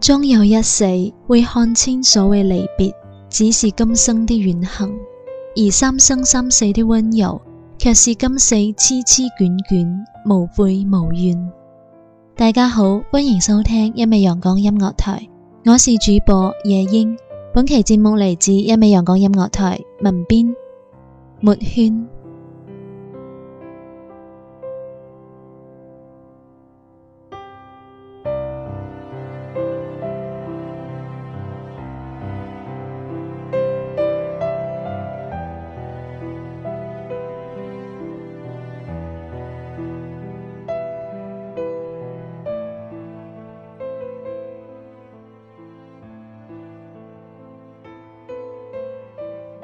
終有一死會看清所謂離別，只是今生的遠行；而三生三世的温柔，卻是今世癡癡卷卷，無悔無怨。大家好，歡迎收聽一米陽光音樂台，我是主播夜鶯。本期節目嚟自一米陽光音樂台文編沒圈。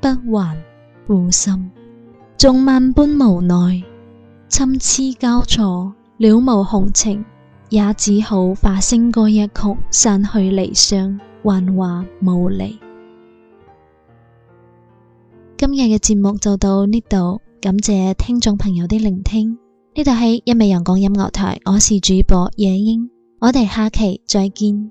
不還負心，縱萬般無奈，參差交錯，了無紅情，也只好化聲歌一曲，散去離傷，幻話無離。今日嘅節目就到呢度，感謝聽眾朋友的聆聽。呢度係一米陽光音樂台，我是主播夜鶯，我哋下期再見。